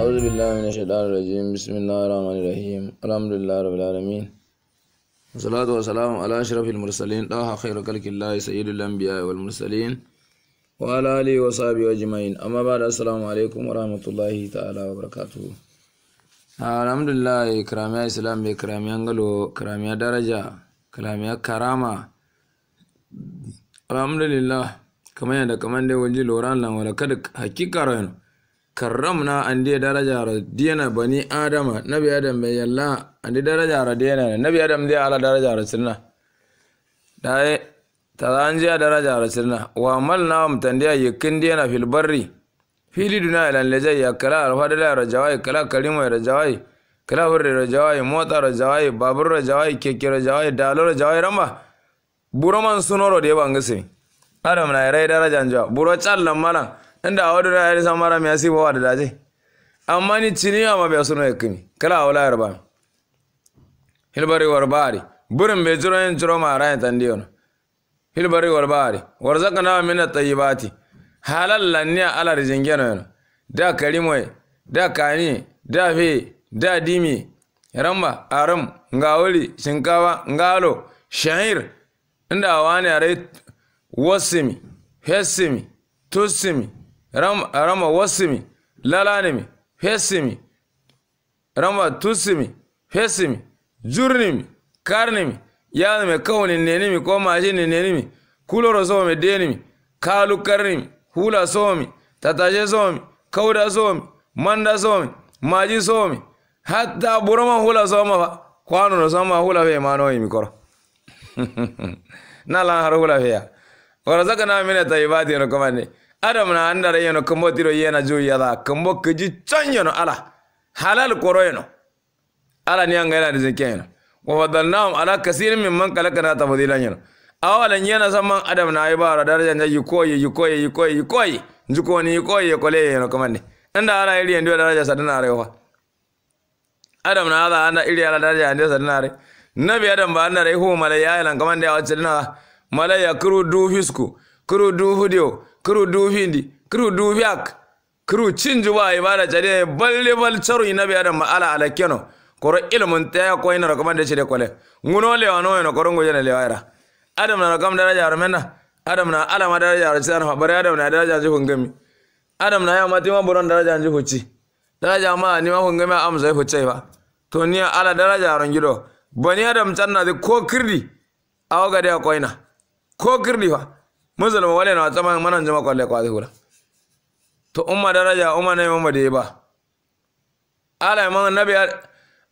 أعوذ بالله من الشيطان الرجيم بسم الله الرحمن الرحيم الحمد لله رب العالمين والصلاة والسلام على أشرف المرسلين طه خير خلق الله سيد الأنبياء والمرسلين وعلى آله وصحبه أجمعين أما بعد السلام عليكم ورحمة الله تعالى وبركاته الحمد لله كرامية إسلام بكرامية أنجلو كرامية درجة كرامية كرامة الحمد لله كما يدك من دي وجل وران لن ولا كدك حقيقة رأينا karramna andi daraja diyana bani adama nabi adam be yalla andi daraja diyana nabi adam de ala daraja sirna dai taranjiya daraja sirna wa amalna mtandiya diyana fil barri fili duna ilan lejai ya kala ra jawai kala kalimo jawai kala hurri jawai mota jawai babur jawai keke rajawai dalo jawai ramba buro sunoro de bangase adam na rai daraja nja buro challan malan nda awadu na yari mara mi asi wa da daji. amma ni chini ma biya suna yakini kala wala yarba hilbari warbari burin bai jiro yin jiro ma ran tan diyo hilbari warbari warzaqna min yi tayyibati halal lanniya ala rijingeno yono da karimoy da kani da fi da dimi ramba aram ngawuli. shinkawa ngalo shahir inda wani are wasimi hesimi tusimi rama, rama wasimi lalanimi fesimi rama tusimi fesimi jurnimi karnimi yanimi kawni nenimi ko mashini nenimi kuloro somi denimi kalu karnimi hula somi tataje somi kauda somi manda somi maji somi hatta burama hula soma fa kwanuno soma hula fe manoyimi koro nalan haru hula ya wala feya warazakana mine tayibati no komande adam na andara yeno kambo tiro yena jo yada kambo kiji chanyo yano ala halal koro yeno ala ni anga yana rizike yeno wa fadalnahum ala kasirin mimman kalakana tafadilan yeno awalan yana saman adam na ayi bara darajan koyi yukoyi koyi yukoyi yukoyi njuko ni yukoyi yukole yeno kamani anda ala iri ndio daraja sadana arewa adam na ala anda iri ala daraja ndio sadana are nabi adam ba anda rehu malaya yalan kamande awa wacce malaya kuru du fisku kuru du hudio Kuru ndi kuru kru ak kuru cinju ba ibada cade balle bal charu ina bi adam ala ala keno koro ilmun ta ko ina rakam da cede kole nguno le wano eno koro ngo jene le waira adam na rakam daraja armena adam na ala ma daraja arsan fa bare adam na daraja ji hungami adam na ya mati ma boron daraja ji huci daraja ma ni ma hungami amsa huce ba to ni ala daraja arangido bani adam tanna de ko kirdi awaga de ko ina ko kirdi fa musulmi wale na tsama manan jama kwalle kwa zuwa to umma daraja umma ne umma da ba ala man nabi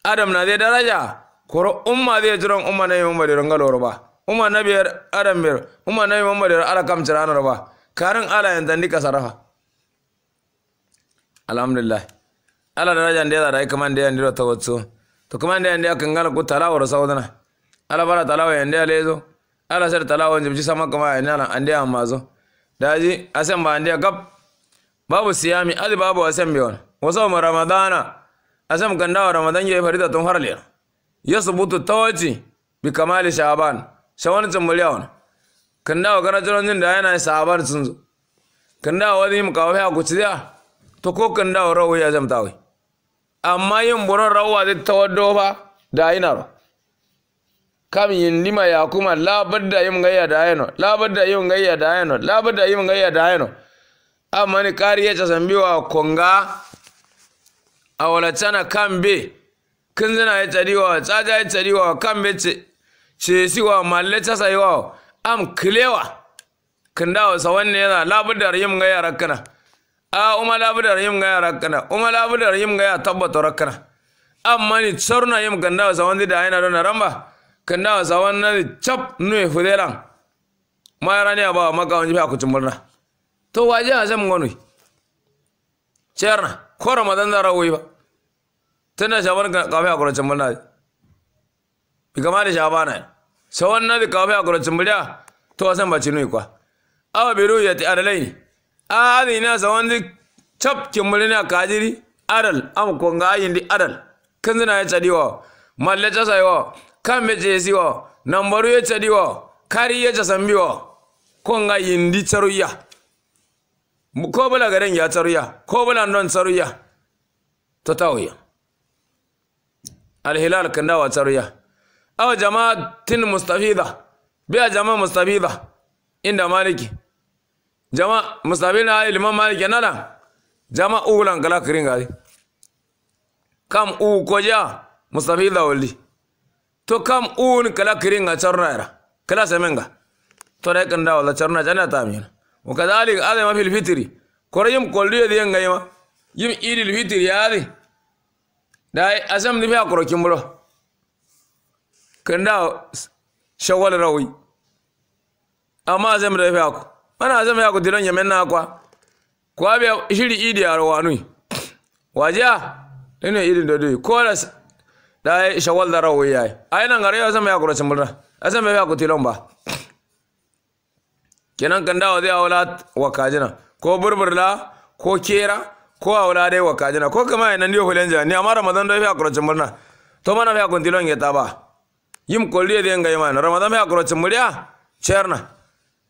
adam na zai daraja koro umma zai jiran umma ne umma da rangalo ba umma nabi adam bir umma ne umma da ala kam jirana ba karin ala yanzu ndika sarafa alhamdulillah ala daraja ndeza da kuma ndeza ta wato to kuma ndeza ndeza kangala ku talawa rasawdana ala bara talawa yanzu lezo ala ser tala won jibji sama kuma ina nan ande amma zo daji asan ba ande gab babu siyami ali babu asan biyon wasu mu ramadana asan ganda wa ramadan yayi farida tun butu yasbutu tawaji bi kamali sha'ban shawan tun wani kanda wa kana jiran da yana sahabar sun zo kanda wa wani mu kawo ya kuci da to ko kanda wa rawu ya zamta wai amma yin buron rawwa zai tawaddo ba da ba. kam yin lima ya kuma labar da yin gayya da ayano labar da yin gayya da ayano labar da yin gayya da ayano amma ni kariya ta wa konga a kan be kin zina ya wa tsaja ya kan be ce ce wa malle ta wa. am kilewa kin da wasa wanne yana labar da yin gayya rakkana a uma labar da yin gayya rakkana uma labar da yin gayya tabbata rakkana amma ni tsarna yin ganda sa wanda da ayana don ramba kanda wasa wannan cap chap nu e fudelan ma rani aba maka wani onji ba murna to waje a zam ngonu cerna ko ramadan da rawi ba tana shaban kafi a kuracin murna bi kama da shabana sa wannan da kafi a kuracin murna to san ba cinu kwa awa biru ya ti adalai a adina sa wani cap kin murna kajiri adal amma kwanga ayin di adal kan zina ya tsadiwa mallaca sayawa kamɓe jeesi o nambaruye caɗi kari ye casambi o ko nga yindi caruya ko bala garen ya caruya ko bala non caruya to tawiya alhilal kandawa caruya aw jamaatin mustafida biya jamaa mustafida inda maliki jama mustafida ilman maliki nala jama ulan kala kiringa kam u koja mustafida wali to kam un kala kiringa era kala semenga to re kanda wala charna jana tamina wakadhalik adha ma fil fitri korayum koldiyo diyan gayma yim idil fitri yadi dai asam ni fa koro kimbo kanda shawal rawi amma azam da fa ko mana azam ya ko dilon yemen na kwa kwa biya shiri idi arwanu waja ina idin da dai kolas dai shawal da rawo yayi ai nan gare yau zan ya kura cimbura bai ya ku tilon ba kenan kan dawo zai aula wa kajina ko burburla ko kera ko aula dai wa kajina ko kama yana ndiyo hulenja ni amma ramadan dai ya kura cimbura to mana ya kun tilon ya ba yim kolliye de ngai mana ramadan ya kura cimbura cerna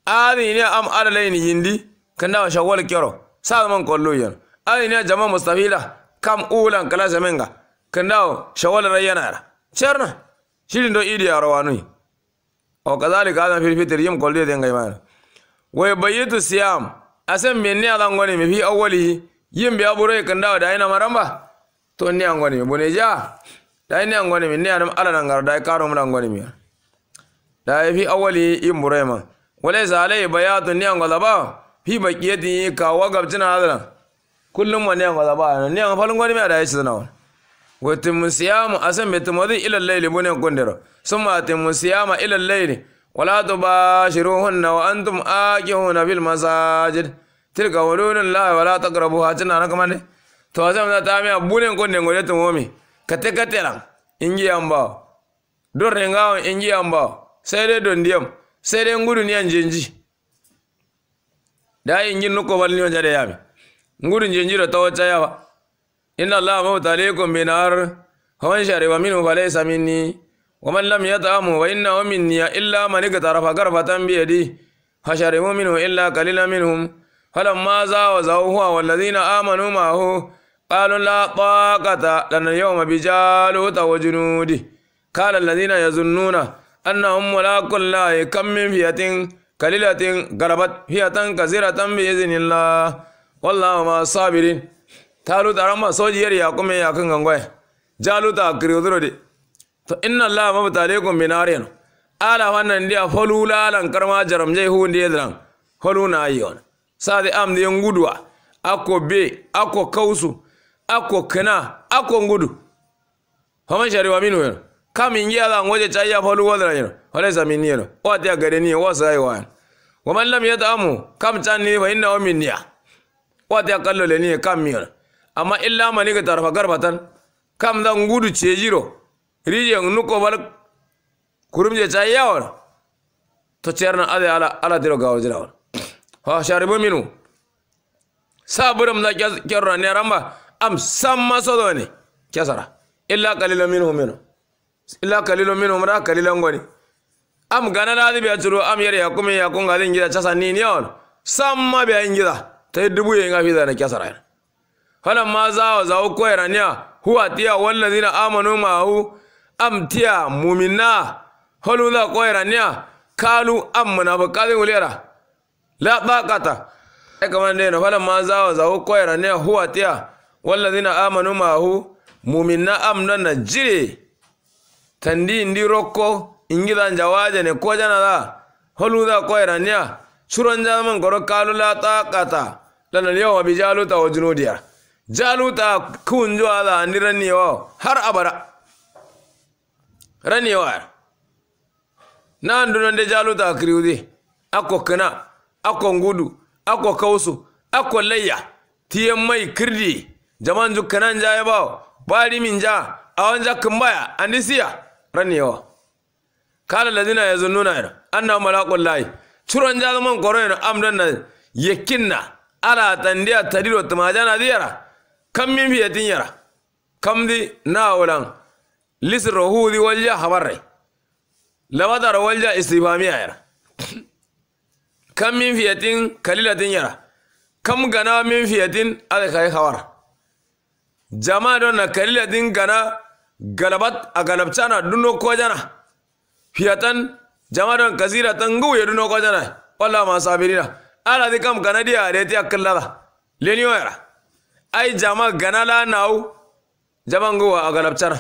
adi ne am ni hindi kan dawo shawal kero sa man kollo yan adi ne jama'a mustafila kam ulan kala zamenga kandao shawala rayyana cerna shirin do idi arawanui o kazalika adam fil fitr yim kolde den gaymana wa yubayyitu siyam asan menni adan goni mi fi awwalihi yim be aburo kandao da ina maramba to ni an goni mi ja da yi an goni mi ni anam ala nan gar da karo mu an goni mi da fi awwali yim burema walaysa alai bayatun ni an ba fi baqiyati ka wa gabtina hadra kullum wa ni ba galaba ni an falun goni mi da yace wani. watimu siyama asan mitumadi ila laili bunen kundero summa atimu siyama ila laili wala na wa antum aqihuna bil masajid tilka hululun la wala taqrabuha tana na ne to asan na tamia bunen kunden gode tumomi kate kateran ingi don dorre ngawo ingi ba sai dai don diyam sai dai ngudu yan jinji da ingi nuko balni on jade yami ngudu ta wacce yawa إن الله مبتليكم بنار فمن شرب منه فليس مني ومن لم يطعمه وإنه مني إلا من اقترف غرفة بيده فشربوا منه إلا قليلا منهم فلما زاوزه هو والذين آمنوا معه قالوا لا طاقة لنا اليوم بجالوت وجنوده قال الذين يظنون أنهم ملاك الله كم من فئة قليلة قربت فئة كثيرة بإذن الله والله ما الصابرين taluta soji yari ya kuma ya kan gangwaye jaluta kiriyodoro de to inna allah mabtalekum binariyan ala wannan dia holu lalan karma jaram jai hunde zan holu na ayon sadi am de ngudwa ako be ako kausu ako kana ako ngudu homa shari wa minu kamin ya da waje chaya holu wadran yo hole samin yo wa ta gare ni wa sai wa wa man lam yatamu kam tan ni fa inna minniya wa ta kallo le ni kam yo amma illa ga tarfa garbatan kam dan gudu cejiro rije nuko bal kurumje yawa to cerna ade ala ala diro gawo jirawa ha sharibu minu sabrum da kyarra ne ramba am maso sodo ne kyasara illa qalilun minhum minu illa qalilun minhum ra qalilun goni am gana da bi aturo am yare kun ga galin gida chasa ni ne on samma bi an gida ta dubu yin afi da na kyasara falamma a zawo koyraniya huwa tiya zina amanu ma'ahu am tiya muminna holu za koyraniya kalu am munafiqatin ulera la ya kamar ne na falamma a zawo koyraniya huwa tiya zina amanu mahu mumina am na jire tandi ndi rokko ingidan jawaje ne ko jana za holu za koyraniya suran jaman goro kalu la taqata lana yawma bijaluta wajen junudiya jaluta kunjwa da ni ranewa har abara ranewa na ndunon de jaluta kiriwuzi ako kana ako ngudu ako kausu ako layya tiyan mai kirdi jaman jukkanan ja ya bawa bari min ja a wanja kumbaya andisiya ranewa kala zina ya zunnuna yana anna malakul layi curon ja zaman koro yana amdan na yakinna ala tandiya tadiro tumajana diyara kam min fiye din yara kam di na wulan lisi huudi walja habarai labadar walja a yara kam min fiye kalila din yara kam gana min fiye din alkai hawar jama'a don na din gana galabat a galabcana duno kojana fiyatan jama'a don kasira tan ya duno kojana wala ma sabirina ala di kam gana diya areti akallala leniyo yara ai jama gana la nau jaman gowa a galabtar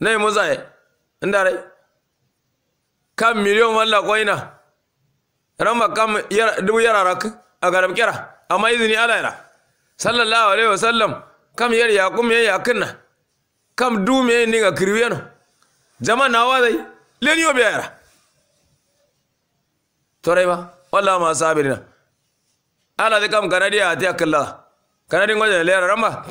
nay e. inda rai. kam miliyon walla koina ramba kam dubu rak a galabkira amma izini alayra sallallahu alaihi wasallam kam yar yakum yar yakinna kam ni ga kirwiyano jama nawa dai leniyo biyara torai ba wala ma sabirina ala de kam kanadiya ati akalla kana di ngoje lera ramba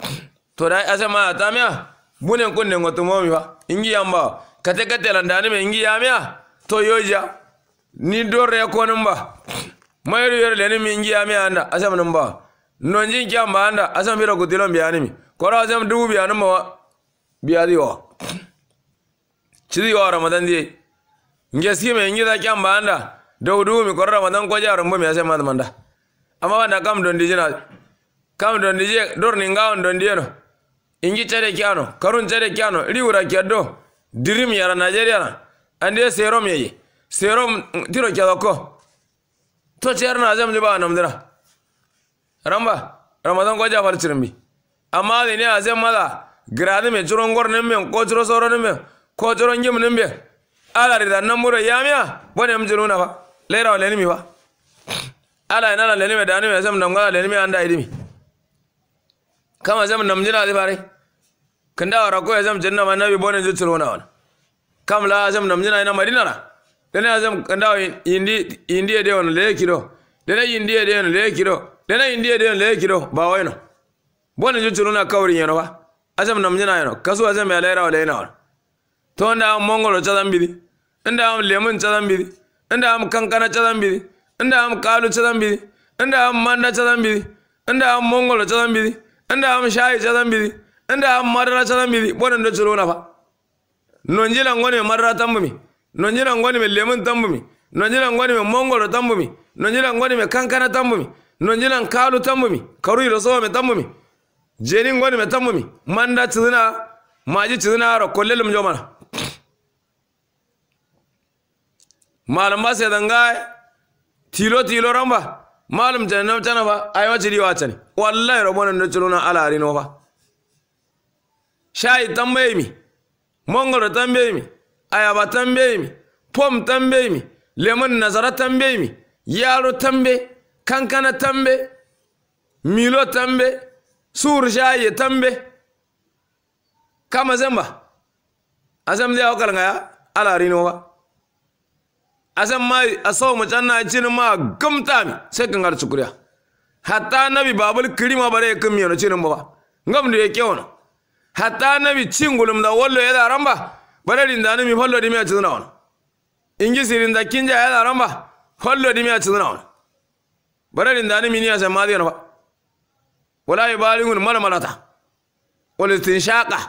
to dai asema tamia mune kunne ngoto momi ba ingi yamba kate kate la ndani ingi yamia to yoja ni dore ko numba mayru yer leni mi ingi yamia anda asema numba nonji kyamba anda asema biro kutilo mbiani mi kora asema dubu biani mo biadi wo chidi wa ramadan di ngesi me ingi da kyamba anda dawdu mi kora ramadan ko ja rombo mi asema manda amma banda kam don dijina kam don dije dor ni ngawon don dieno ingi cede kiano karun cede kiano riwura keddo dirim yara nigeria na ande serom yeyi serom tiro kedo ko to na azam liba namdira ramba ramadan ko jafal cirmbi amma ne azam mala grade me curon gor ne me ko curo soro ne me ko curo ngim ne me ala rida namuro yamiya bone mjiruna fa lera wa mi ba ala ina la lenimi da ni me sam namga lenimi anda idimi kama zam nam jina de bare kanda wara ko zam janna ma nabi bonen je tsoro na kam la zam nam jina ina madina na dana zam kanda indi indi de wana le kiro dana indi de wana le kiro dana indi de wana le kiro ba wayno bonen je tsoro kawri yano ba azam nam jina yano kasu azam ya lera wala ina wana to nda mongolo chadam bidi nda am lemon chadam bidi nda am kankana chadam bidi nda am kalu chadam bidi nda am manda chadam bidi nda am mongolo chadam bidi nda am shayi chatan bidi nda am madara chatan bidi bona ndo chulo nafa nonjila ngoni madara tambumi nonjila ngoni lemon tambumi nonjila ngoni mongoro tambumi nonjila ngoni kankana tambumi nonjila nkalu mi karu iroso me mi jeni ngoni me mi manda chizina maji chizina ro kollel mjomana malamba sedanga tilo tilo ramba malum janna tana ba ai wace riwa ta ne wallahi rabonan da tsuruna ala ri no fa shayi tambaye mi mongoro tambaye mi ayaba tambaye mi pom tambaye mi lemon nazara tambaye mi yaro tambe kankana tambe milo tambe sur shayi tambe kama zamba azam dia okal ngaya ala ri no fa asan mai asaw mu canna cin ma gamta mi sai kan har cukuriya hatta nabi babul kirima bare kan mi na cin ba ngam da yake wona hatta nabi cin gulum da wallo ya da ramba bare din da mi fallo di mi a cin na wona ingi sirin da kinja ya da ramba fallo di mi a cin na wona bare din da mi ni asan ma na fa wala ibalingun malamalata wal istinshaqa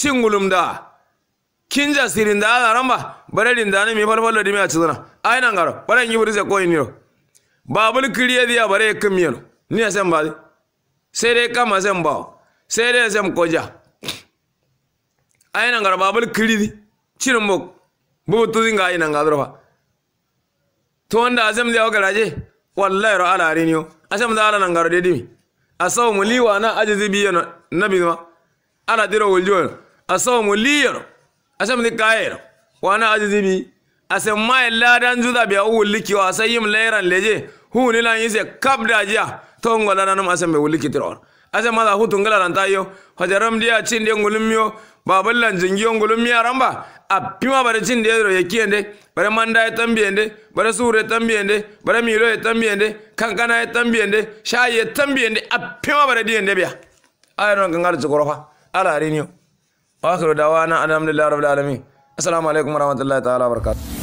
cin gulum da kinja da ala ramba bare da ne mi farfallo mi a cizana ai nan garo bare ngi burze ko iniro babul kiriye dia bare kamiyo ni san ba sai dai kama san ba sai dai san koja ai nan garo babul di cirin bok bu tu ga ai nan garo ba to wanda azam dia wakaraje wallahi ro ala a asam da ala nan garo dai dimi mu muliwa na ajizi biyo na bizma ala diro wuljo mu muliyaro asem ni kayero wana ajizibi asam mai ladan juda biya uwuliki wa sayim lairan leje hu ni lan yise kabda ja ngola ladanum asem be wuliki tiror asem mala hu tungala lan tayo hajaram dia de ngulumyo babal lan jingiyo ngulumya ramba apima bare chinde ro yekiende bare manda ya tambiyende bare sure tambiende bare milo ya tambiyende kankana ya tambiyende shaye tambiyende apima bare diende biya ayron kangar zukorofa ala rinyo wa akhiru dawana alhamdulillahi rabbil alamin assalamu alaikum warahmatullahi ta'ala wabarakatuh